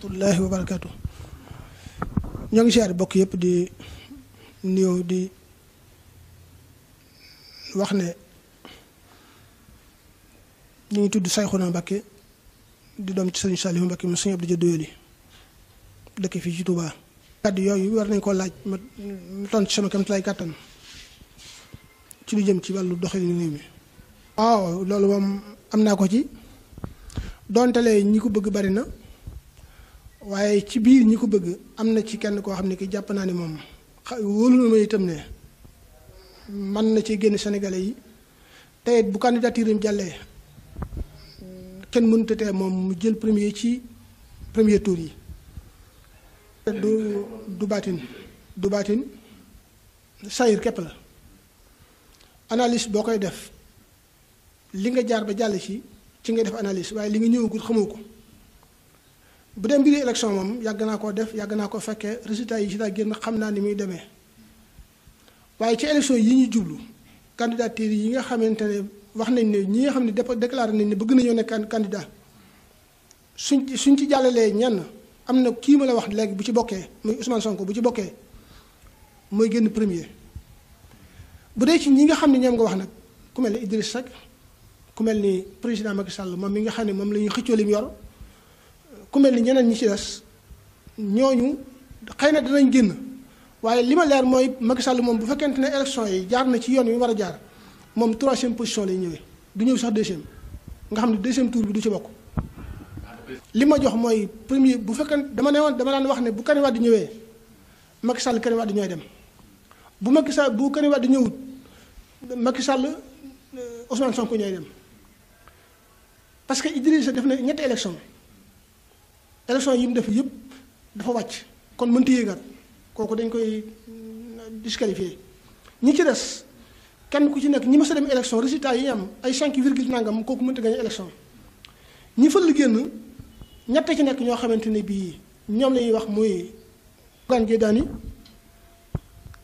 rahmatullahi wa barakatu ñoo ngi bokk yëpp di nuyu di wax ne ñu ngi tudd Sayxuna Mbakke di doom ci sëñ Saliou Mbakke mu sëñ Abdou Dia war nañ koo laaj ma ton kàttan ci lu jëm ci wàllu doxalin réew am naa ko ci donte ñi ko bëgg bari na. waaye ci biir ñi ko bëgg am na ci kenn koo xam ne ki jàpp naa ne moom wóolu na ma itam ne man na ci génn sénégalais yi tey bu candidature am jàllee kenn mënut a tee moom mu jël premier ci premier tour yi. du du baatin du baatin sayir képp la analyse boo koy def li nga jaar ba jàll ci ci nga def analyse waaye li nga ñëwagul xamoo ko. bu dee election élection moom yàgg def yag na ko fekke resultat yi ci da genn xamna ni muy demee waye ci election yi ñu jublu candidature yi nga xamantene wax nañ ne ñi nga xamni ne déclaré nañ ne bëgg nañu nek candidat suñ suñ ci jàllalee ñenn amna ki ma wax bu ci muy Ousmane Sonko bu ci moy genn premier bu dé ci ñi nga xamni ñam nga wax nak ku mel ni Idriss Seck ku mel ni président Macky Sall mom mi nga xamni mom lañu xëccolim yor ku mel ni ñeneen ñi ci des ñooñu xëy na danañ génn waaye li ma leer mooy Macky Sall moom bu fekkente ne élection yi jaar na ci yoon wi war a jaar moom troisième position lay ñëwee du ñëw sax deuxième nga xam ne deuxième tour bi du ci bokk. li ma jox mooy premier bu fekkee dama ne woon dama daan wax ne bu Karim Wade di ñëwee Macky Sall Karim Wade ñooy dem bu Macky Sall bu Karim Wade di ñëwut Macky Sall euh, Ousmane Sonko ñooy dem parce que Idrissa def na ñetti élection. élection yi mu def yëpp dafa wàcc kon mënti yéegaat kooku dañ koy euh, disqualifié ñi ci des kenn ku ci nekk ñi mës a dem élection résultat yi am ay 5 virgule nangam kooku mënta gañe élection ñi fël génn ñett ci nekk ñoo xamante ne bii ñoom la wax muy Bougane Gueye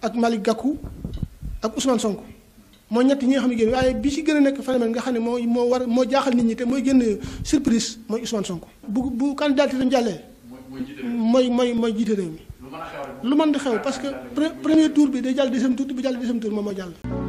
ak Malick gàkku ak Ousmane sonk moo ñett ñi nga xam ne génn waaye bi ci gën a nekk phénomène nga xam ne moo moo war moo jaaxal nit ñi te mooy génn surprise mooy Ousmane Sonko. bu bu candidature am jàllee. mooy mooy mooy jiite réew mi. lu mën a xew parce que premier tour bi day jàll deuxième tour bi jàll deuxième tour moom moo jàll.